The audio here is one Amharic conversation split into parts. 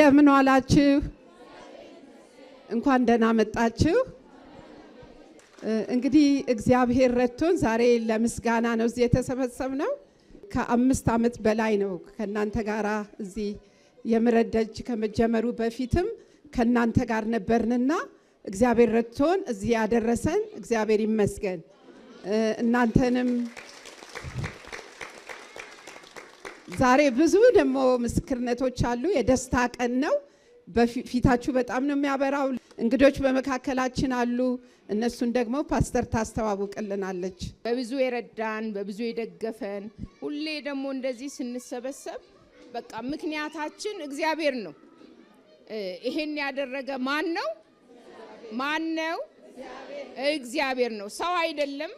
እንደምን ዋላችሁ? እንኳን ደህና መጣችሁ። እንግዲህ እግዚአብሔር ረድቶን ዛሬ ለምስጋና ነው እዚህ የተሰበሰብነው። ከአምስት ዓመት በላይ ነው ከእናንተ ጋር እዚህ የምህረት ደጅ ከመጀመሩ በፊትም ከእናንተ ጋር ነበርንና እግዚአብሔር ረድቶን እዚህ ያደረሰን እግዚአብሔር ይመስገን። እናንተንም ዛሬ ብዙ ደግሞ ምስክርነቶች አሉ። የደስታ ቀን ነው። በፊታችሁ በጣም ነው የሚያበራው። እንግዶች በመካከላችን አሉ። እነሱን ደግሞ ፓስተር ታስተዋውቅልናለች። በብዙ የረዳን በብዙ የደገፈን፣ ሁሌ ደግሞ እንደዚህ ስንሰበሰብ በቃ ምክንያታችን እግዚአብሔር ነው። ይሄን ያደረገ ማን ነው? ማን ነው? እግዚአብሔር ነው። ሰው አይደለም፣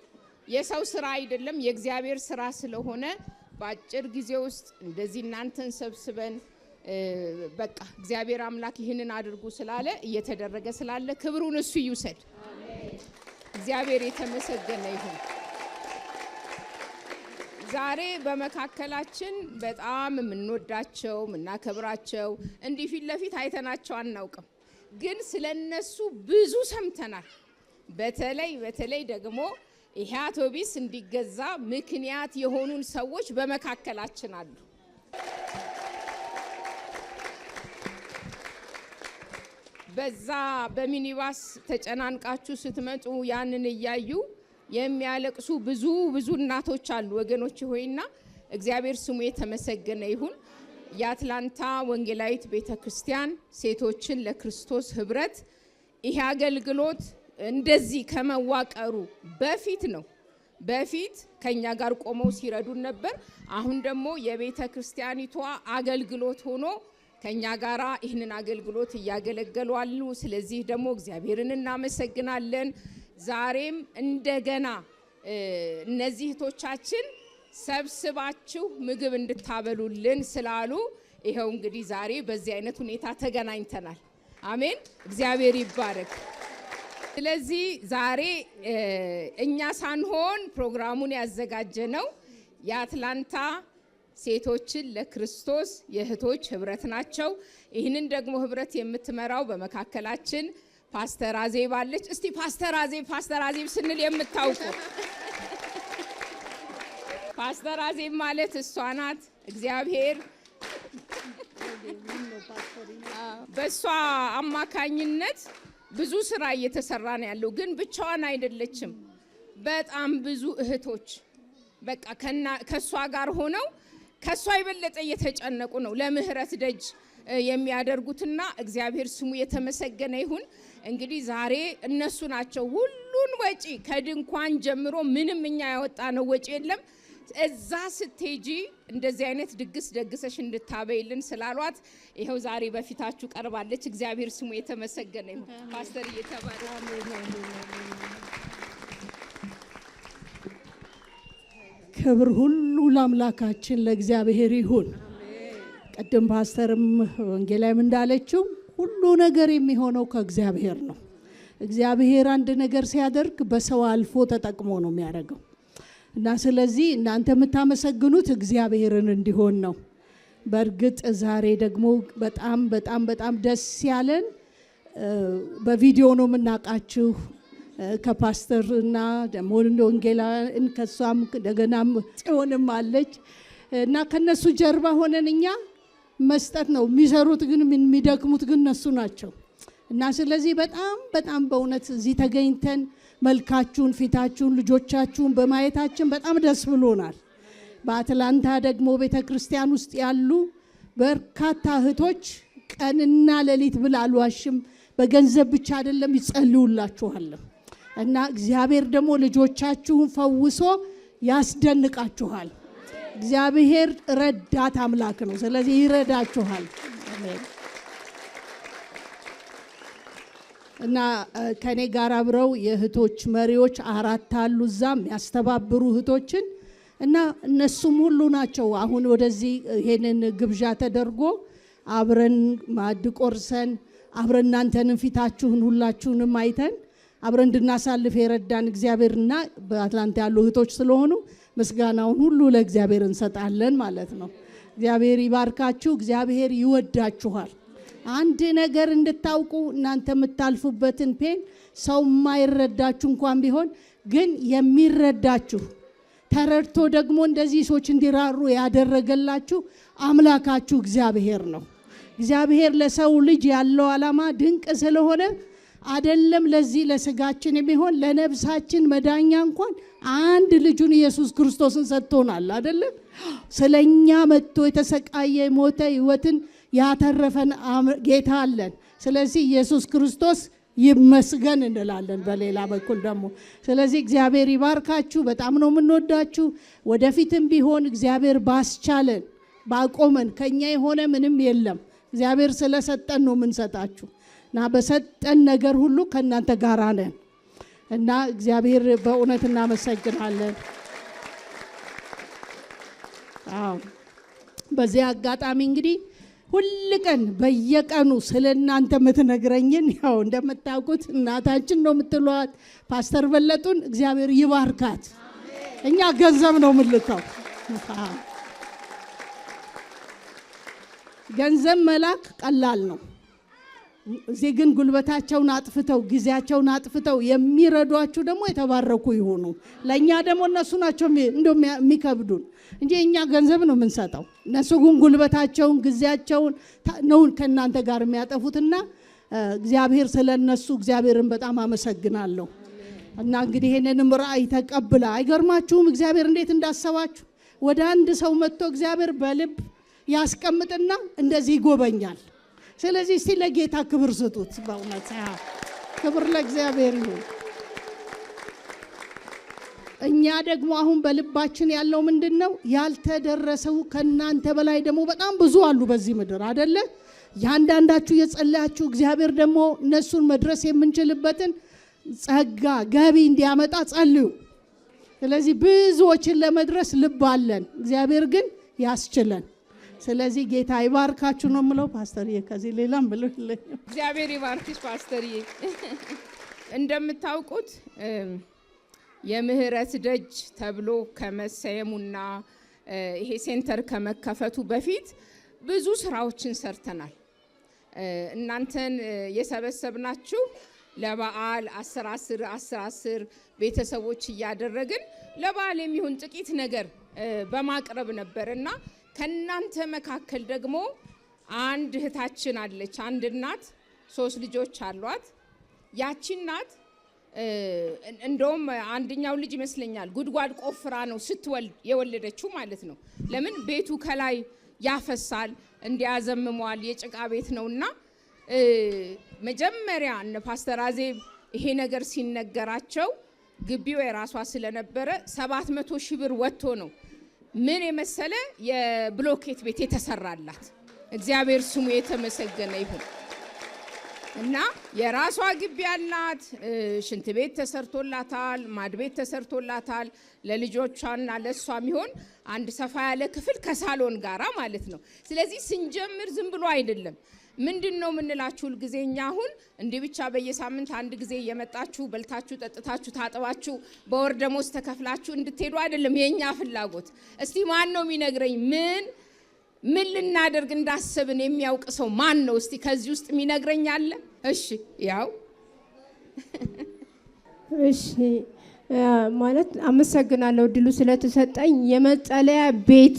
የሰው ስራ አይደለም፣ የእግዚአብሔር ስራ ስለሆነ በአጭር ጊዜ ውስጥ እንደዚህ እናንተን ሰብስበን በቃ እግዚአብሔር አምላክ ይህንን አድርጉ ስላለ እየተደረገ ስላለ ክብሩን እሱ ይውሰድ። እግዚአብሔር የተመሰገነ ይሁን። ዛሬ በመካከላችን በጣም የምንወዳቸው የምናከብራቸው እንዲህ ፊት ለፊት አይተናቸው አናውቅም፣ ግን ስለ እነሱ ብዙ ሰምተናል። በተለይ በተለይ ደግሞ ይሄ አውቶቢስ እንዲገዛ ምክንያት የሆኑን ሰዎች በመካከላችን አሉ። በዛ በሚኒባስ ተጨናንቃችሁ ስትመጡ ያንን እያዩ የሚያለቅሱ ብዙ ብዙ እናቶች አሉ። ወገኖች ሆይና እግዚአብሔር ስሙ የተመሰገነ ይሁን። የአትላንታ ወንጌላዊት ቤተ ክርስቲያን ሴቶችን ለክርስቶስ ህብረት ይሄ አገልግሎት እንደዚህ ከመዋቀሩ በፊት ነው። በፊት ከኛ ጋር ቆመው ሲረዱን ነበር። አሁን ደግሞ የቤተ ክርስቲያኒቷ አገልግሎት ሆኖ ከኛ ጋር ይህንን አገልግሎት እያገለገሉ አሉ። ስለዚህ ደግሞ እግዚአብሔርን እናመሰግናለን። ዛሬም እንደገና እነዚህ እህቶቻችን ሰብስባችሁ ምግብ እንድታበሉልን ስላሉ ይኸው እንግዲህ ዛሬ በዚህ አይነት ሁኔታ ተገናኝተናል። አሜን። እግዚአብሔር ይባረክ። ስለዚህ ዛሬ እኛ ሳንሆን ፕሮግራሙን ያዘጋጀ ነው የአትላንታ ሴቶችን ለክርስቶስ የእህቶች ህብረት ናቸው። ይህንን ደግሞ ህብረት የምትመራው በመካከላችን ፓስተር አዜብ አለች። እስቲ ፓስተር አዜብ ፓስተር አዜብ ስንል የምታውቁ ፓስተር አዜብ ማለት እሷ ናት። እግዚአብሔር በእሷ አማካኝነት ብዙ ስራ እየተሰራ ነው ያለው። ግን ብቻዋን አይደለችም። በጣም ብዙ እህቶች በቃ ከእሷ ጋር ሆነው ከእሷ የበለጠ እየተጨነቁ ነው ለምህረት ደጅ የሚያደርጉትና እግዚአብሔር ስሙ የተመሰገነ ይሁን። እንግዲህ ዛሬ እነሱ ናቸው ሁሉን ወጪ ከድንኳን ጀምሮ ምንም እኛ ያወጣ ነው ወጪ የለም እዛ ስቴጂ እንደዚህ አይነት ድግስ ደግሰሽ እንድታበይልን ስላሏት ይኸው ዛሬ በፊታችሁ ቀርባለች። እግዚአብሔር ስሙ የተመሰገነ ይሁን። ፓስተር እየተባለ ክብር ሁሉ ለአምላካችን ለእግዚአብሔር ይሁን። ቅድም ፓስተርም ወንጌላይም እንዳለችው ሁሉ ነገር የሚሆነው ከእግዚአብሔር ነው። እግዚአብሔር አንድ ነገር ሲያደርግ በሰው አልፎ ተጠቅሞ ነው የሚያደርገው። እና ስለዚህ እናንተ የምታመሰግኑት እግዚአብሔርን እንዲሆን ነው። በእርግጥ ዛሬ ደግሞ በጣም በጣም በጣም ደስ ያለን በቪዲዮ ነው የምናውቃችሁ ከፓስተር እና ደግሞ ወንጌላን ከእሷም እንደገናም ጽዮንም አለች እና ከነሱ ጀርባ ሆነን እኛ መስጠት ነው የሚሰሩት፣ ግን የሚደክሙት ግን እነሱ ናቸው እና ስለዚህ በጣም በጣም በእውነት እዚህ ተገኝተን መልካችሁን፣ ፊታችሁን፣ ልጆቻችሁን በማየታችን በጣም ደስ ብሎናል። በአትላንታ ደግሞ ቤተ ክርስቲያን ውስጥ ያሉ በርካታ እህቶች ቀንና ሌሊት ብል አልዋሽም በገንዘብ ብቻ አይደለም ይጸልዩላችኋልም እና እግዚአብሔር ደግሞ ልጆቻችሁን ፈውሶ ያስደንቃችኋል። እግዚአብሔር ረዳት አምላክ ነው። ስለዚህ ይረዳችኋል። እና ከኔ ጋር አብረው የእህቶች መሪዎች አራት አሉ እዛ የሚያስተባብሩ እህቶችን እና እነሱም ሁሉ ናቸው። አሁን ወደዚህ ይሄንን ግብዣ ተደርጎ አብረን ማዕድ ቆርሰን አብረን እናንተንም ፊታችሁን ሁላችሁንም አይተን አብረን እንድናሳልፍ የረዳን እግዚአብሔርና በአትላንታ ያሉ እህቶች ስለሆኑ ምስጋናውን ሁሉ ለእግዚአብሔር እንሰጣለን ማለት ነው። እግዚአብሔር ይባርካችሁ። እግዚአብሔር ይወዳችኋል። አንድ ነገር እንድታውቁ እናንተ የምታልፉበትን ፔን ሰው የማይረዳችሁ እንኳን ቢሆን ግን የሚረዳችሁ ተረድቶ ደግሞ እንደዚህ ሰዎች እንዲራሩ ያደረገላችሁ አምላካችሁ እግዚአብሔር ነው። እግዚአብሔር ለሰው ልጅ ያለው ዓላማ ድንቅ ስለሆነ አደለም ለዚህ ለስጋችን የሚሆን ለነብሳችን መዳኛ እንኳን አንድ ልጁን ኢየሱስ ክርስቶስን ሰጥቶናል። አደለም ስለኛ መጥቶ የተሰቃየ ሞተ ህይወትን ያተረፈን ጌታ አለን። ስለዚህ ኢየሱስ ክርስቶስ ይመስገን እንላለን። በሌላ በኩል ደግሞ ስለዚህ እግዚአብሔር ይባርካችሁ። በጣም ነው የምንወዳችሁ። ወደፊትም ቢሆን እግዚአብሔር ባስቻለን ባቆመን፣ ከኛ የሆነ ምንም የለም። እግዚአብሔር ስለሰጠን ነው የምንሰጣችሁ እና በሰጠን ነገር ሁሉ ከእናንተ ጋር ነን እና እግዚአብሔር በእውነት እናመሰግናለን። በዚህ አጋጣሚ እንግዲህ ሁል ቀን በየቀኑ ስለ እናንተ የምትነግረኝን ያው እንደምታውቁት እናታችን ነው የምትሏት። ፓስተር በለጡን እግዚአብሔር ይባርካት። እኛ ገንዘብ ነው የምልከው። ገንዘብ መላክ ቀላል ነው። ዜግን ጉልበታቸውን አጥፍተው ጊዜያቸውን አጥፍተው የሚረዷችሁ ደግሞ የተባረኩ ይሆኑ። ለእኛ ደግሞ እነሱ ናቸው እንደ የሚከብዱን እንጂ እኛ ገንዘብ ነው የምንሰጠው። እነሱ ግን ጉልበታቸውን ጊዜያቸውን ነው ከእናንተ ጋር የሚያጠፉትና እግዚአብሔር ስለ እነሱ እግዚአብሔርን በጣም አመሰግናለሁ። እና እንግዲህ ይህንንም ራእይ ተቀብላ አይገርማችሁም? እግዚአብሔር እንዴት እንዳሰባችሁ ወደ አንድ ሰው መጥቶ እግዚአብሔር በልብ ያስቀምጥና እንደዚህ ይጎበኛል። ስለዚህ እስቲ ለጌታ ክብር ስጡት። በእውነት ክብር ለእግዚአብሔር ይሁን። እኛ ደግሞ አሁን በልባችን ያለው ምንድን ነው? ያልተደረሰው ከእናንተ በላይ ደግሞ በጣም ብዙ አሉ በዚህ ምድር አደለ? ያንዳንዳችሁ የጸለያችሁ እግዚአብሔር ደግሞ እነሱን መድረስ የምንችልበትን ጸጋ ገቢ እንዲያመጣ ጸልዩ። ስለዚህ ብዙዎችን ለመድረስ ልብ አለን፣ እግዚአብሔር ግን ያስችለን። ስለዚህ ጌታ ይባርካችሁ ነው የምለው። ፓስተርዬ ከዚህ ሌላም ብሎ እግዚአብሔር ይባርክሽ ፓስተርዬ። እንደምታውቁት የምህረት ደጅ ተብሎ ከመሰየሙና ይሄ ሴንተር ከመከፈቱ በፊት ብዙ ስራዎችን ሰርተናል። እናንተን የሰበሰብናችሁ ለበዓል አስር አስር አስር አስር ቤተሰቦች እያደረግን ለበዓል የሚሆን ጥቂት ነገር በማቅረብ ነበር እና ከእናንተ መካከል ደግሞ አንድ እህታችን አለች። አንድ እናት ሶስት ልጆች አሏት። ያቺ እናት እንደውም አንደኛው ልጅ ይመስለኛል ጉድጓድ ቆፍራ ነው ስትወልድ የወለደችው ማለት ነው። ለምን ቤቱ ከላይ ያፈሳል እንዲያዘምመዋል የጭቃ ቤት ነውና፣ መጀመሪያ እነ ፓስተር አዜብ ይሄ ነገር ሲነገራቸው ግቢው የራሷ ስለነበረ ሰባት መቶ ሺህ ብር ወጥቶ ነው ምን የመሰለ የብሎኬት ቤት የተሰራላት እግዚአብሔር ስሙ የተመሰገነ ይሁን እና የራሷ ግቢ ያላት ሽንት ቤት ተሰርቶላታል፣ ማድ ቤት ተሰርቶላታል። ለልጆቿና ለእሷ የሚሆን አንድ ሰፋ ያለ ክፍል ከሳሎን ጋራ ማለት ነው። ስለዚህ ስንጀምር ዝም ብሎ አይደለም ምንድን ነው የምንላችሁ ጊዜ እኛ አሁን እንዲህ ብቻ በየሳምንት አንድ ጊዜ እየመጣችሁ በልታችሁ፣ ጠጥታችሁ፣ ታጥባችሁ በወር ደሞዝ ተከፍላችሁ እንድትሄዱ አይደለም የእኛ ፍላጎት። እስቲ ማን ነው የሚነግረኝ ምን ምን ልናደርግ እንዳሰብን የሚያውቅ ሰው ማን ነው? እስቲ ከዚህ ውስጥ የሚነግረኝ አለ? እሺ፣ ያው እሺ፣ ማለት አመሰግናለሁ እድሉ ስለተሰጠኝ የመጠለያ ቤት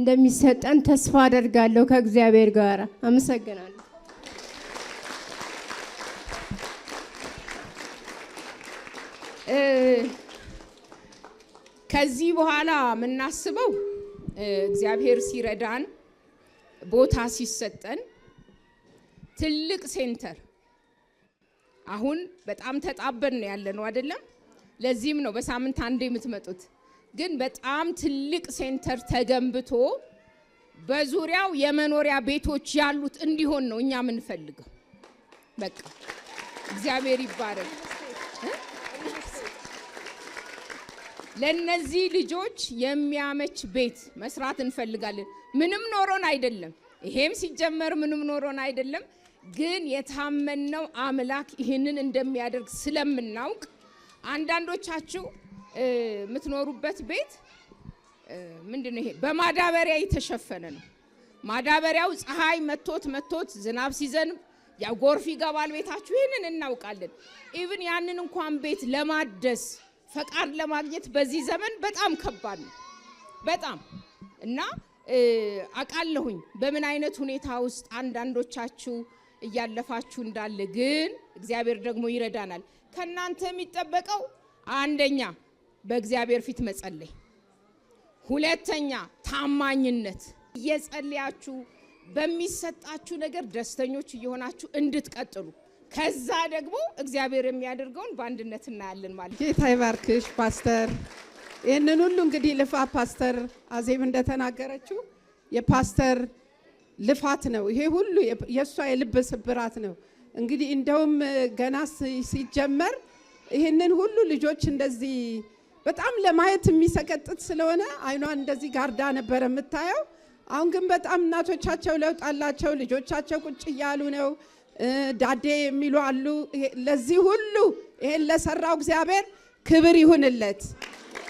እንደሚሰጠን ተስፋ አደርጋለሁ ከእግዚአብሔር ጋር። አመሰግናለሁ። ከዚህ በኋላ የምናስበው እግዚአብሔር ሲረዳን ቦታ ሲሰጠን ትልቅ ሴንተር አሁን በጣም ተጣበን ነው ያለነው፣ አይደለም። ለዚህም ነው በሳምንት አንዴ የምትመጡት። ግን በጣም ትልቅ ሴንተር ተገንብቶ በዙሪያው የመኖሪያ ቤቶች ያሉት እንዲሆን ነው እኛ የምንፈልገው። በቃ እግዚአብሔር ይባረክ። ለነዚህ ልጆች የሚያመች ቤት መስራት እንፈልጋለን። ምንም ኖሮን አይደለም፣ ይሄም ሲጀመር ምንም ኖሮን አይደለም። ግን የታመነው አምላክ ይህንን እንደሚያደርግ ስለምናውቅ አንዳንዶቻችሁ የምትኖሩበት ቤት ምንድን ነው? ይሄ በማዳበሪያ የተሸፈነ ነው። ማዳበሪያው ፀሐይ መቶት መቶት ዝናብ ሲዘንብ ያው ጎርፍ ይገባል ቤታችሁ። ይህንን እናውቃለን። ኢቭን ያንን እንኳን ቤት ለማደስ ፈቃድ ለማግኘት በዚህ ዘመን በጣም ከባድ ነው። በጣም እና አቃለሁኝ በምን አይነት ሁኔታ ውስጥ አንዳንዶቻችሁ እያለፋችሁ እንዳለ፣ ግን እግዚአብሔር ደግሞ ይረዳናል። ከእናንተ የሚጠበቀው አንደኛ በእግዚአብሔር ፊት መጸለይ። ሁለተኛ ታማኝነት። እየጸለያችሁ በሚሰጣችሁ ነገር ደስተኞች እየሆናችሁ እንድትቀጥሉ ከዛ ደግሞ እግዚአብሔር የሚያደርገውን በአንድነት እናያለን ማለት። ጌታ ይባርክሽ ፓስተር። ይህንን ሁሉ እንግዲህ ልፋ ፓስተር አዜብ እንደተናገረችው የፓስተር ልፋት ነው። ይሄ ሁሉ የእሷ የልብ ስብራት ነው። እንግዲህ እንደውም ገና ሲጀመር ይህንን ሁሉ ልጆች እንደዚህ በጣም ለማየት የሚሰቀጥጥ ስለሆነ አይኗን እንደዚህ ጋርዳ ነበረ የምታየው። አሁን ግን በጣም እናቶቻቸው ለውጥ አላቸው። ልጆቻቸው ቁጭ እያሉ ነው ዳዴ የሚሉ አሉ። ለዚህ ሁሉ ይሄን ለሰራው እግዚአብሔር ክብር ይሁንለት፣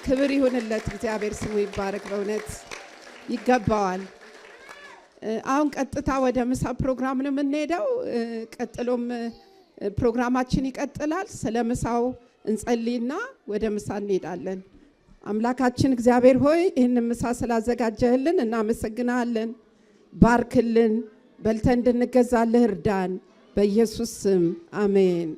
ክብር ይሁንለት። እግዚአብሔር ስሙ ይባረክ። በእውነት ይገባዋል። አሁን ቀጥታ ወደ ምሳ ፕሮግራም ነው የምንሄደው። ቀጥሎም ፕሮግራማችን ይቀጥላል። ስለ ምሳው እንጸልይና ወደ ምሳ እንሄዳለን። አምላካችን እግዚአብሔር ሆይ ይህን ምሳ ስላዘጋጀህልን እናመሰግናለን። ባርክልን፣ በልተን እንድንገዛልህ እርዳን። በኢየሱስ ስም አሜን።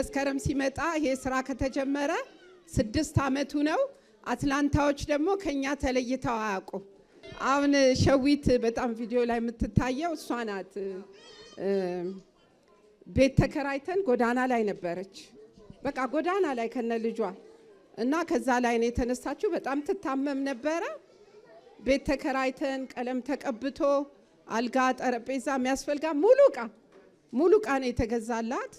መስከረም ሲመጣ ይሄ ስራ ከተጀመረ ስድስት አመቱ ነው። አትላንታዎች ደግሞ ከኛ ተለይተው አያውቁ። አሁን ሸዊት በጣም ቪዲዮ ላይ የምትታየው እሷ ናት። ቤት ተከራይተን ጎዳና ላይ ነበረች፣ በቃ ጎዳና ላይ ከነ ልጇ እና ከዛ ላይ ነው የተነሳችው። በጣም ትታመም ነበረ። ቤት ተከራይተን ቀለም ተቀብቶ አልጋ፣ ጠረጴዛ የሚያስፈልጋ ሙሉ እቃ ሙሉ እቃ ነው የተገዛላት።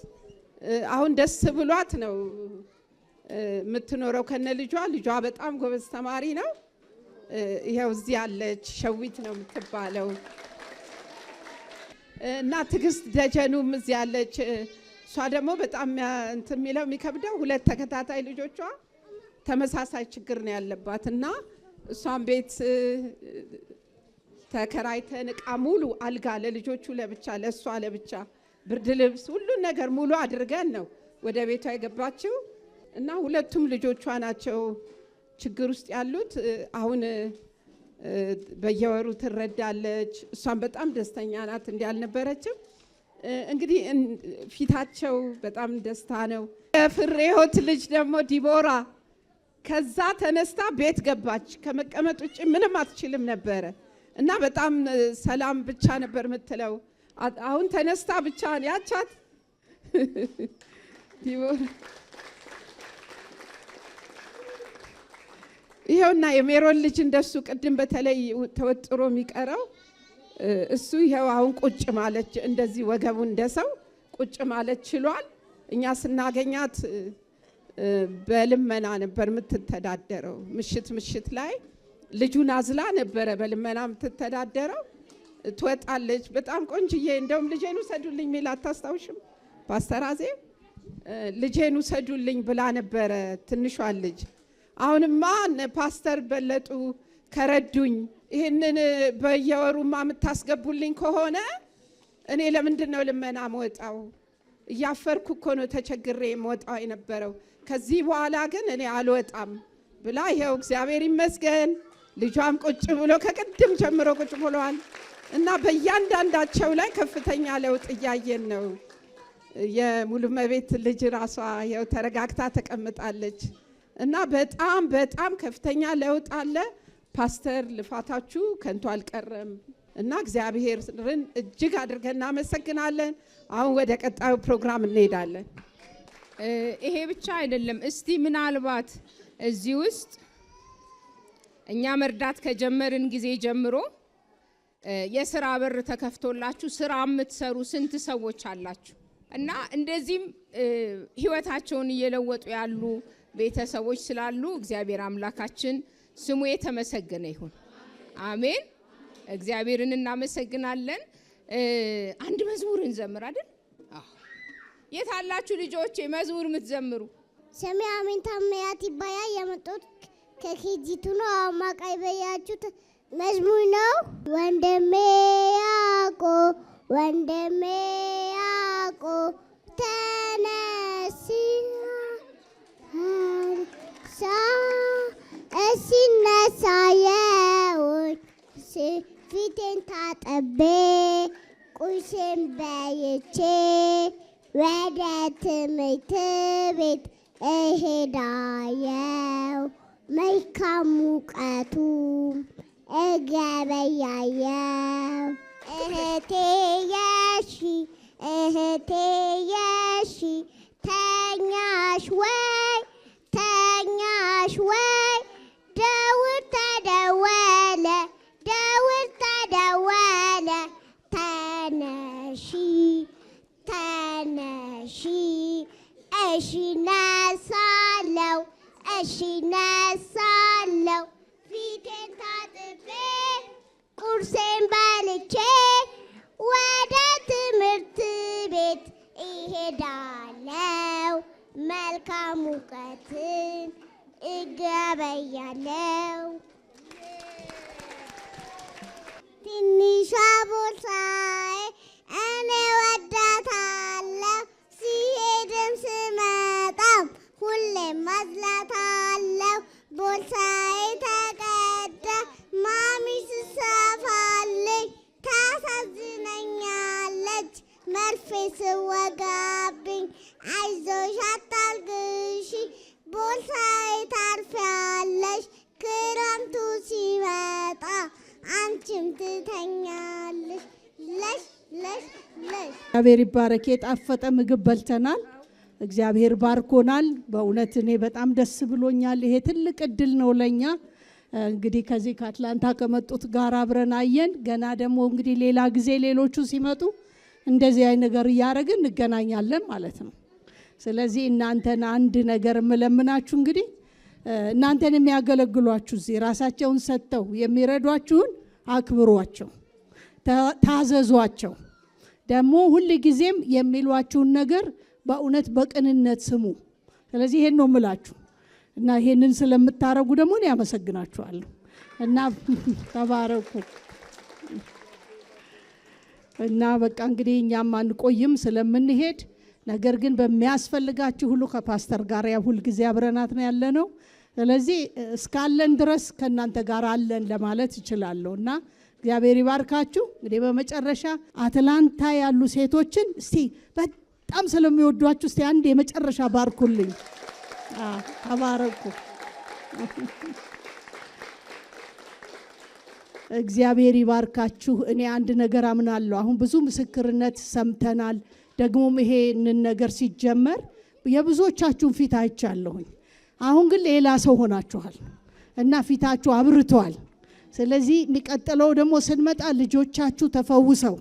አሁን ደስ ብሏት ነው የምትኖረው ከነ ልጇ። ልጇ በጣም ጎበዝ ተማሪ ነው። ይኸው እዚህ ያለች ሸዊት ነው የምትባለው እና ትግስት ደጀኑም እዚህ ያለች እሷ ደግሞ በጣም እንትን የሚለው የሚከብደው ሁለት ተከታታይ ልጆቿ ተመሳሳይ ችግር ነው ያለባት እና እሷን ቤት ተከራይተን እቃ ሙሉ አልጋ ለልጆቹ ለብቻ ለእሷ ለብቻ ብርድ ልብስ፣ ሁሉን ነገር ሙሉ አድርገን ነው ወደ ቤቷ የገባችው እና ሁለቱም ልጆቿ ናቸው ችግር ውስጥ ያሉት። አሁን በየወሩ ትረዳለች። እሷን በጣም ደስተኛ ናት። እንዲ አልነበረችም። እንግዲህ ፊታቸው በጣም ደስታ ነው። የፍሬህይወት ልጅ ደግሞ ዲቦራ ከዛ ተነስታ ቤት ገባች። ከመቀመጥ ውጭ ምንም አትችልም ነበረ እና በጣም ሰላም ብቻ ነበር የምትለው አሁን ተነስታ ብቻ ያቻት ይኸውና የሜሮን ልጅ እንደሱ ቅድም በተለይ ተወጥሮ የሚቀረው እሱ ይኸው አሁን ቁጭ ማለች። እንደዚህ ወገቡ እንደሰው ቁጭ ማለት ችሏል። እኛ ስናገኛት በልመና ነበር የምትተዳደረው። ምሽት ምሽት ላይ ልጁን አዝላ ነበረ በልመና የምትተዳደረው። ትወጣለች። በጣም ቆንጅዬ። እንደውም ልጄን ውሰዱልኝ ሚል አታስታውሽም? ፓስተር አዜ ልጄን ውሰዱልኝ ብላ ነበረ ትንሿን ልጅ። አሁንማ ፓስተር በለጡ ከረዱኝ ይህንን በየወሩማ የምታስገቡልኝ ከሆነ እኔ ለምንድን ነው ልመና መወጣው? እያፈርኩ እኮ ነው ተቸግሬ መወጣው የነበረው። ከዚህ በኋላ ግን እኔ አልወጣም ብላ ይኸው እግዚአብሔር ይመስገን ልጇም ቁጭ ብሎ ከቅድም ጀምሮ ቁጭ ብሏል። እና በእያንዳንዳቸው ላይ ከፍተኛ ለውጥ እያየን ነው። መቤት ልጅ ራሷ ያው ተረጋግታ ተቀምጣለች እና በጣም በጣም ከፍተኛ ለውጥ አለ። ፓስተር ልፋታችሁ ከንቱ አልቀረም እና እግዚአብሔርን እጅግ አድርገን እናመሰግናለን። አሁን ወደ ቀጣዩ ፕሮግራም እንሄዳለን። ይሄ ብቻ አይደለም። እስቲ ምናልባት እዚህ ውስጥ እኛ መርዳት ከጀመርን ጊዜ ጀምሮ የስራ በር ተከፍቶላችሁ ስራ የምትሰሩ ስንት ሰዎች አላችሁ? እና እንደዚህም ህይወታቸውን እየለወጡ ያሉ ቤተሰቦች ስላሉ እግዚአብሔር አምላካችን ስሙ የተመሰገነ ይሁን። አሜን። እግዚአብሔርን እናመሰግናለን። አንድ መዝሙር እንዘምር አይደል? የት አላችሁ ልጆቼ መዝሙር የምትዘምሩ? ስሜ አሜን ታመያት ይባያ የመጡት ከኬጂቱ ነው። አማቃይ በያችሁ መዝሙር ነው። ወንድሜ ያዕቆብ ወንድሜ ያዕቆብ ተነስ ሳ ፊቴን ታጠቤ ቁርሴን በልቼ ወደ ትምህርት ቤት እሄዳለሁ። መልካም ሙቀቱ እገበያየው እህቴ የሺ እህቴ የሺ ተኛሽ ወይ ተኛሽ ወይ ደውል ተደወለ ደውል ተደወለ ተነሺ ተነሺ እሺ ነሳለው እሺ ነሳ ቁርሴን በልቼ ወደ ትምህርት ቤት እሄዳለሁ። መልካም እውቀትን እገበያለው። እግዚአብሔር ይባረክ። የጣፈጠ ምግብ በልተናል። እግዚአብሔር ባርኮናል። በእውነት እኔ በጣም ደስ ብሎኛል። ይሄ ትልቅ እድል ነው ለእኛ። እንግዲህ ከዚህ ከአትላንታ ከመጡት ጋር አብረን አየን። ገና ደግሞ እንግዲህ ሌላ ጊዜ ሌሎቹ ሲመጡ እንደዚህ አይነት ነገር እያደረግን እንገናኛለን ማለት ነው። ስለዚህ እናንተን አንድ ነገር የምለምናችሁ እንግዲህ እናንተን የሚያገለግሏችሁ እዚህ ራሳቸውን ሰጥተው የሚረዷችሁን አክብሯቸው፣ ታዘዟቸው። ደግሞ ሁል ጊዜም የሚሏችሁን ነገር በእውነት በቅንነት ስሙ። ስለዚህ ይሄን ነው የምላችሁ እና ይሄንን ስለምታረጉ ደግሞ እኔ ያመሰግናችኋለሁ እና ተባረኩ እና በቃ እንግዲህ እኛም አንቆይም ስለምንሄድ ነገር ግን በሚያስፈልጋችሁ ሁሉ ከፓስተር ጋር ያ ሁልጊዜ አብረናት ነው ያለ ነው። ስለዚህ እስካለን ድረስ ከእናንተ ጋር አለን ለማለት ይችላለሁ እና እግዚአብሔር ይባርካችሁ። እንግዲህ በመጨረሻ አትላንታ ያሉ ሴቶችን እስቲ በጣም ስለሚወዷችሁ እስቲ አንድ የመጨረሻ ባርኩልኝ። ተባረኩ። እግዚአብሔር ይባርካችሁ። እኔ አንድ ነገር አምናለሁ። አሁን ብዙ ምስክርነት ሰምተናል። ደግሞም ይሄንን ነገር ሲጀመር የብዙዎቻችሁን ፊት አይቻለሁኝ። አሁን ግን ሌላ ሰው ሆናችኋል እና ፊታችሁ አብርተዋል። ስለዚህ የሚቀጥለው ደግሞ ስንመጣ ልጆቻችሁ ተፈውሰው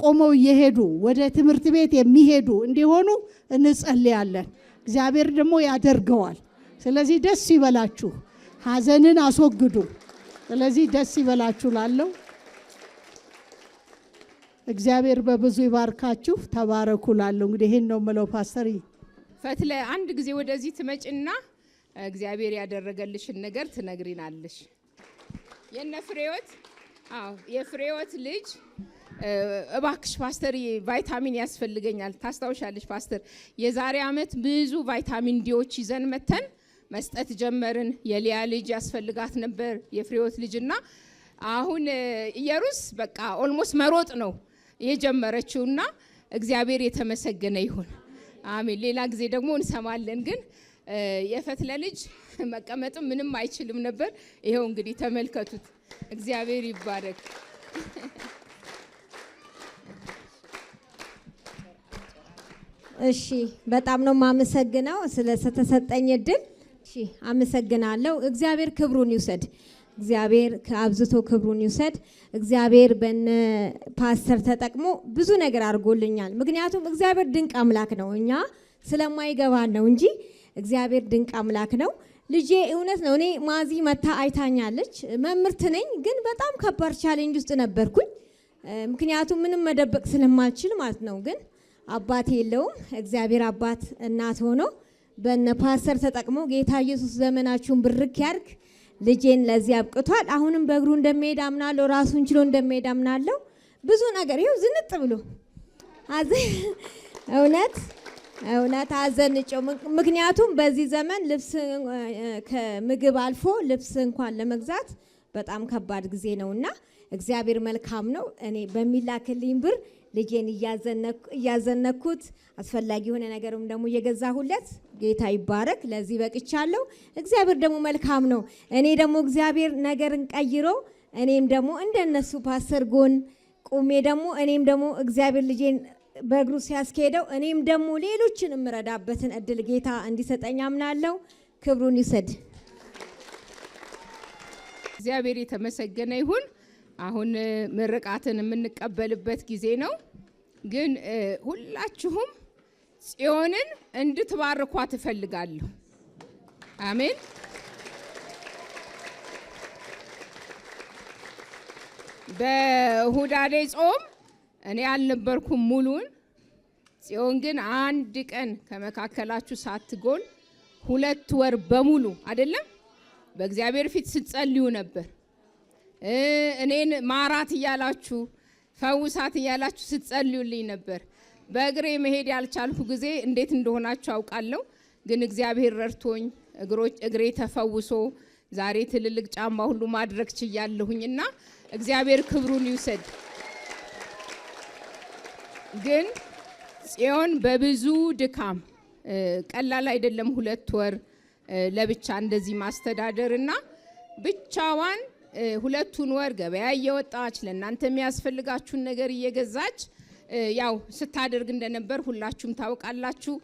ቆመው እየሄዱ ወደ ትምህርት ቤት የሚሄዱ እንዲሆኑ እንጸልያለን። እግዚአብሔር ደግሞ ያደርገዋል። ስለዚህ ደስ ይበላችሁ፣ ሀዘንን አስወግዱ። ስለዚህ ደስ ይበላችሁ ላለው እግዚአብሔር በብዙ ይባርካችሁ፣ ተባረኩ ላለው እንግዲህ ይህን ነው የምለው። ፓስተር ፈትለ አንድ ጊዜ ወደዚህ ትመጭና እግዚአብሔር ያደረገልሽን ነገር ትነግሪናለሽ። የነ ፍሬዎት አዎ፣ የፍሬዎት ልጅ እባክሽ ፓስተር ቫይታሚን ያስፈልገኛል። ታስታውሻለሽ ፓስተር፣ የዛሬ ዓመት ብዙ ቫይታሚን ዲዎች ይዘን መተን መስጠት ጀመርን። የሊያ ልጅ ያስፈልጋት ነበር የፍሬዎት ልጅና አሁን ኢየሩስ በቃ ኦልሞስት መሮጥ ነው የጀመረችውና እግዚአብሔር የተመሰገነ ይሁን። አሜን። ሌላ ጊዜ ደግሞ እንሰማለን። ግን የፈትለ ልጅ መቀመጥም ምንም አይችልም ነበር። ይኸው እንግዲህ ተመልከቱት። እግዚአብሔር ይባረክ። እሺ፣ በጣም ነው የማመሰግነው ስለተሰጠኝ እድል። እሺ፣ አመሰግናለሁ። እግዚአብሔር ክብሩን ይውሰድ። እግዚአብሔር አብዝቶ ክብሩን ይውሰድ። እግዚአብሔር በነ ፓስተር ተጠቅሞ ብዙ ነገር አድርጎልኛል። ምክንያቱም እግዚአብሔር ድንቅ አምላክ ነው። እኛ ስለማይገባን ነው እንጂ እግዚአብሔር ድንቅ አምላክ ነው። ልጄ እውነት ነው። እኔ ማዚ መታ አይታኛለች። መምህርት ነኝ፣ ግን በጣም ከባድ ቻሌንጅ ውስጥ ነበርኩኝ። ምክንያቱም ምንም መደበቅ ስለማልችል ማለት ነው። ግን አባት የለውም እግዚአብሔር አባት እናት ሆኖ በነ ፓስተር ተጠቅሞ ጌታ ኢየሱስ ዘመናችሁን ብርክ ያርግ። ልጄን ለዚህ አብቅቷል። አሁንም በእግሩ እንደሚሄድ አምናለሁ። ራሱን ችሎ እንደሚሄድ አምናለሁ። ብዙ ነገር ይኸው ዝንጥ ብሎ እውነት እውነት አዘንጨው። ምክንያቱም በዚህ ዘመን ልብስ ከምግብ አልፎ ልብስ እንኳን ለመግዛት በጣም ከባድ ጊዜ ነው እና እግዚአብሔር መልካም ነው። እኔ በሚላክልኝ ብር ልጄን እያዘነኩት አስፈላጊ የሆነ ነገርም ደግሞ እየገዛሁለት ጌታ ይባረክ። ለዚህ በቅቻለሁ። እግዚአብሔር ደግሞ መልካም ነው። እኔ ደግሞ እግዚአብሔር ነገርን ቀይሮ እኔም ደግሞ እንደነሱ ፓስተር ጎን ቁሜ ደግሞ እኔም ደግሞ እግዚአብሔር ልጄን በእግሩ ሲያስኬደው እኔም ደግሞ ሌሎችን የምረዳበትን እድል ጌታ እንዲሰጠኝ አምናለሁ። ክብሩን ይውሰድ። እግዚአብሔር የተመሰገነ ይሁን። አሁን ምርቃትን የምንቀበልበት ጊዜ ነው። ግን ሁላችሁም ጽዮንን እንድትባርኳ ትፈልጋለሁ። አሜን። በሁዳዴ ጾም እኔ አልነበርኩም ሙሉን። ጽዮን ግን አንድ ቀን ከመካከላችሁ ሳትጎል ሁለት ወር በሙሉ አይደለም በእግዚአብሔር ፊት ስትጸልዩ ነበር። እኔን ማራት እያላችሁ ፈውሳት እያላችሁ ስትጸልዩልኝ ነበር። በእግሬ መሄድ ያልቻልኩ ጊዜ እንዴት እንደሆናችሁ አውቃለሁ። ግን እግዚአብሔር ረድቶኝ እግሬ ተፈውሶ ዛሬ ትልልቅ ጫማ ሁሉ ማድረግ ችያለሁኝ እና እግዚአብሔር ክብሩን ይውሰድ። ግን ጽዮን በብዙ ድካም ቀላል አይደለም። ሁለት ወር ለብቻ እንደዚህ ማስተዳደር እና ብቻዋን ሁለቱን ወር ገበያ እየወጣች ለእናንተ የሚያስፈልጋችሁን ነገር እየገዛች ያው ስታደርግ እንደነበር ሁላችሁም ታውቃላችሁ።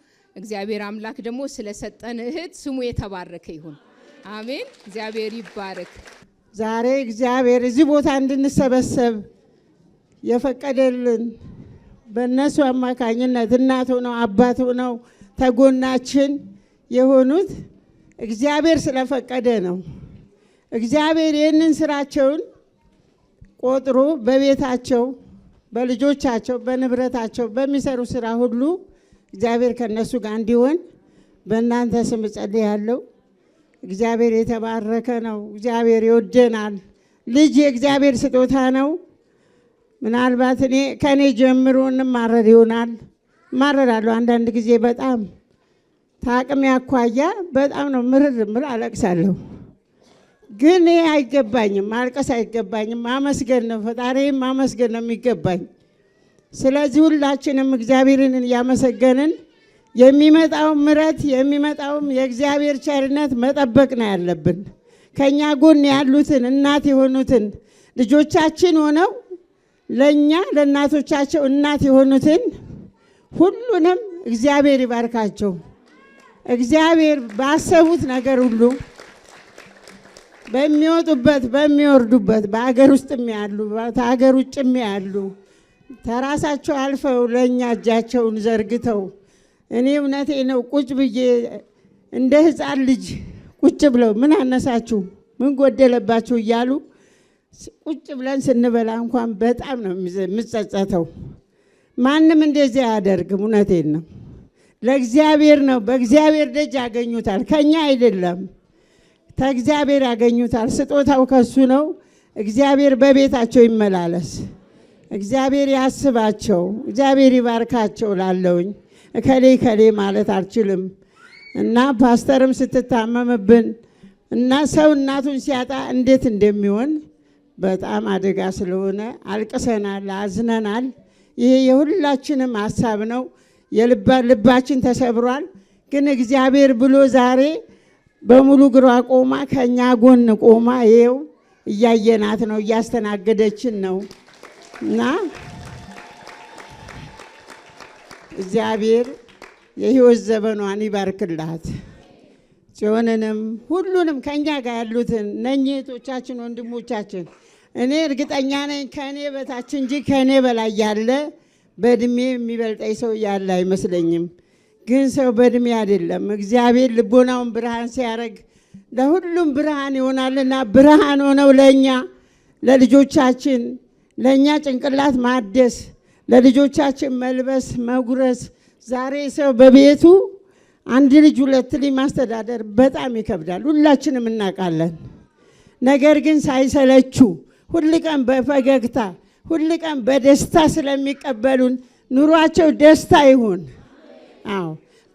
እግዚአብሔር አምላክ ደግሞ ስለሰጠን እህት ስሙ የተባረከ ይሁን። አሜን። እግዚአብሔር ይባረክ። ዛሬ እግዚአብሔር እዚህ ቦታ እንድንሰበሰብ የፈቀደልን በእነሱ አማካኝነት እናት ሆነው አባት ሆነው ተጎናችን የሆኑት እግዚአብሔር ስለፈቀደ ነው። እግዚአብሔር ይህንን ስራቸውን ቆጥሮ በቤታቸው፣ በልጆቻቸው፣ በንብረታቸው በሚሰሩ ስራ ሁሉ እግዚአብሔር ከነሱ ጋር እንዲሆን በእናንተ ስም እጸልያለሁ። እግዚአብሔር የተባረከ ነው። እግዚአብሔር ይወደናል። ልጅ የእግዚአብሔር ስጦታ ነው። ምናልባት እኔ ከእኔ ጀምሮ እንማረር ይሆናል እማረራለሁ። አንዳንድ ጊዜ በጣም ታቅሜ አኳያ በጣም ነው ምርር ምር አለቅሳለሁ። ግን ይህ አይገባኝም፣ ማልቀስ አይገባኝም። ማመስገን ነው ፈጣሪ ማመስገን ነው የሚገባኝ። ስለዚህ ሁላችንም እግዚአብሔርን እያመሰገንን የሚመጣውም ምረት የሚመጣውም የእግዚአብሔር ቸርነት መጠበቅ ነው ያለብን። ከእኛ ጎን ያሉትን እናት የሆኑትን ልጆቻችን ሆነው ለእኛ ለእናቶቻቸው እናት የሆኑትን ሁሉንም እግዚአብሔር ይባርካቸው። እግዚአብሔር ባሰቡት ነገር ሁሉ በሚወጡበት በሚወርዱበት፣ በአገር ውስጥም ያሉ ከአገር ውጭም ያሉ ተራሳቸው አልፈው ለእኛ እጃቸውን ዘርግተው እኔ እውነቴ ነው ቁጭ ብዬ እንደ ሕፃን ልጅ ቁጭ ብለው ምን አነሳችሁ ምን ጎደለባችሁ እያሉ ቁጭ ብለን ስንበላ እንኳን በጣም ነው የምጸጸተው። ማንም እንደዚህ አያደርግም። እውነቴን ነው። ለእግዚአብሔር ነው። በእግዚአብሔር ደጅ ያገኙታል፣ ከኛ አይደለም። ከእግዚአብሔር ያገኙታል። ስጦታው ከሱ ነው። እግዚአብሔር በቤታቸው ይመላለስ። እግዚአብሔር ያስባቸው። እግዚአብሔር ይባርካቸው። ላለውኝ እከሌ እከሌ ማለት አልችልም እና ፓስተርም ስትታመምብን እና ሰው እናቱን ሲያጣ እንዴት እንደሚሆን በጣም አደጋ ስለሆነ አልቅሰናል፣ አዝነናል። ይሄ የሁላችንም ሀሳብ ነው። ልባችን ተሰብሯል። ግን እግዚአብሔር ብሎ ዛሬ በሙሉ እግሯ ቆማ ከእኛ ጎን ቆማ ይኸው እያየናት ነው፣ እያስተናገደችን ነው እና እግዚአብሔር የህይወት ዘመኗን ይባርክላት። ጽዮንንም ሁሉንም ከእኛ ጋር ያሉትን እነኚህ እህቶቻችን ወንድሞቻችን እኔ እርግጠኛ ነኝ ከእኔ በታች እንጂ ከእኔ በላይ ያለ በእድሜ የሚበልጠኝ ሰው ያለ አይመስለኝም። ግን ሰው በእድሜ አይደለም። እግዚአብሔር ልቦናውን ብርሃን ሲያደርግ ለሁሉም ብርሃን ይሆናልና ብርሃን ሆነው ለእኛ ለልጆቻችን ለእኛ ጭንቅላት ማደስ ለልጆቻችን መልበስ መጉረስ ዛሬ ሰው በቤቱ አንድ ልጅ ሁለት ልጅ ማስተዳደር በጣም ይከብዳል፣ ሁላችንም እናውቃለን። ነገር ግን ሳይሰለቹ ሁል ቀን በፈገግታ ሁል ቀን በደስታ ስለሚቀበሉን ኑሯቸው ደስታ ይሁን። አዎ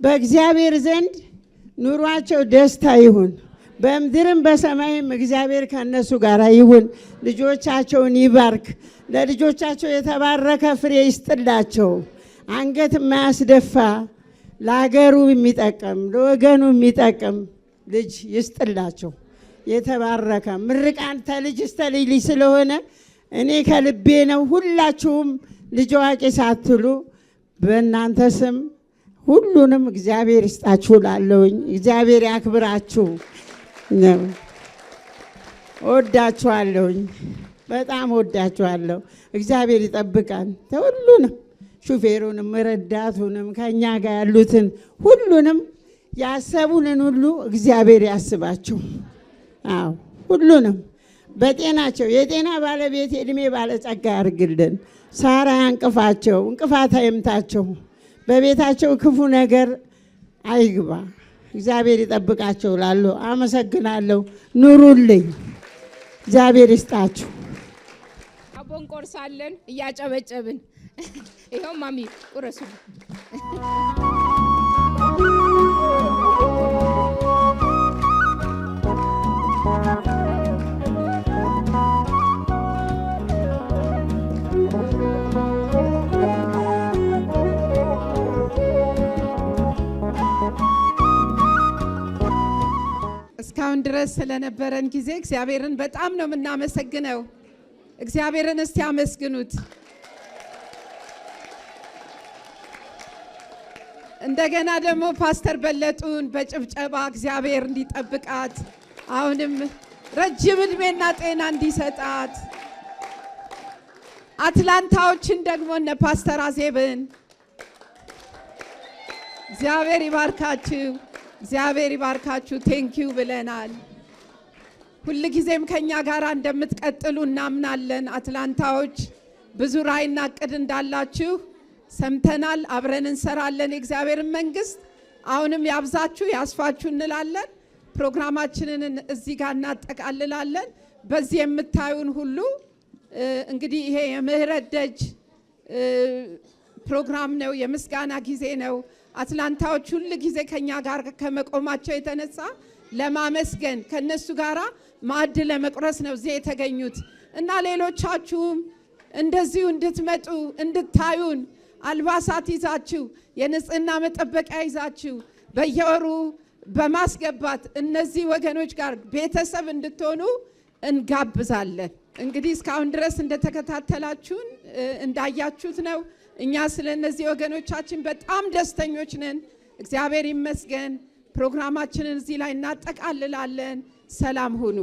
በእግዚአብሔር ዘንድ ኑሯቸው ደስታ ይሁን። በምድርም በሰማይም እግዚአብሔር ከእነሱ ጋር ይሁን። ልጆቻቸውን ይባርክ። ለልጆቻቸው የተባረከ ፍሬ ይስጥላቸው። አንገት የማያስደፋ ለሀገሩ የሚጠቅም ለወገኑ የሚጠቅም ልጅ ይስጥላቸው። የተባረከ ምርቃን ተልጅ እስተ ልጅ ልጅ ስለሆነ እኔ ከልቤ ነው። ሁላችሁም ልጅ አዋቂ ሳትሉ በእናንተ ስም ሁሉንም እግዚአብሔር ይስጣችሁ ላለውኝ እግዚአብሔር ያክብራችሁ። ወዳችኋለሁኝ፣ በጣም ወዳችኋለሁ። እግዚአብሔር ይጠብቃል ሁሉንም ሹፌሩንም ረዳቱንም ከእኛ ጋር ያሉትን ሁሉንም ያሰቡንን ሁሉ እግዚአብሔር ያስባቸው። አዎ ሁሉንም በጤናቸው የጤና ባለቤት የእድሜ ባለጸጋ ያርግልን። ሳራ ያንቅፋቸው፣ እንቅፋት አይምታቸው። በቤታቸው ክፉ ነገር አይግባ። እግዚአብሔር ይጠብቃቸው። ላለሁ አመሰግናለሁ። ኑሩልኝ። እግዚአብሔር ይስጣችሁ። አቦንቆርሳለን እያጨበጨብን ይኸው ማሚ ቁረሱ። እስካሁን ድረስ ስለነበረን ጊዜ እግዚአብሔርን በጣም ነው የምናመሰግነው። እግዚአብሔርን እስቲ አመስግኑት። እንደገና ደግሞ ፓስተር በለጡን በጭብጨባ እግዚአብሔር እንዲጠብቃት አሁንም ረጅም እድሜና ጤና እንዲሰጣት አትላንታዎችን ደግሞ እነ ፓስተር አዜብን እግዚአብሔር ይባርካችሁ፣ እግዚአብሔር ይባርካችሁ። ቴንኪው ብለናል። ሁል ጊዜም ከእኛ ጋር እንደምትቀጥሉ እናምናለን። አትላንታዎች ብዙ ራዕይና እቅድ እንዳላችሁ ሰምተናል። አብረን እንሰራለን። የእግዚአብሔርን መንግስት አሁንም ያብዛችሁ ያስፋችሁ እንላለን። ፕሮግራማችንን እዚህ ጋር እናጠቃልላለን። በዚህ የምታዩን ሁሉ እንግዲህ ይሄ የምህረት ደጅ ፕሮግራም ነው፣ የምስጋና ጊዜ ነው። አትላንታዎች ሁል ጊዜ ከኛ ጋር ከመቆማቸው የተነሳ ለማመስገን ከነሱ ጋር ማዕድ ለመቁረስ ነው እዚህ የተገኙት እና ሌሎቻችሁም እንደዚሁ እንድትመጡ እንድታዩን አልባሳት ይዛችሁ የንጽህና መጠበቂያ ይዛችሁ በየወሩ በማስገባት እነዚህ ወገኖች ጋር ቤተሰብ እንድትሆኑ እንጋብዛለን። እንግዲህ እስካሁን ድረስ እንደተከታተላችሁን እንዳያችሁት ነው። እኛ ስለ እነዚህ ወገኖቻችን በጣም ደስተኞች ነን። እግዚአብሔር ይመስገን። ፕሮግራማችንን እዚህ ላይ እናጠቃልላለን። ሰላም ሁኑ።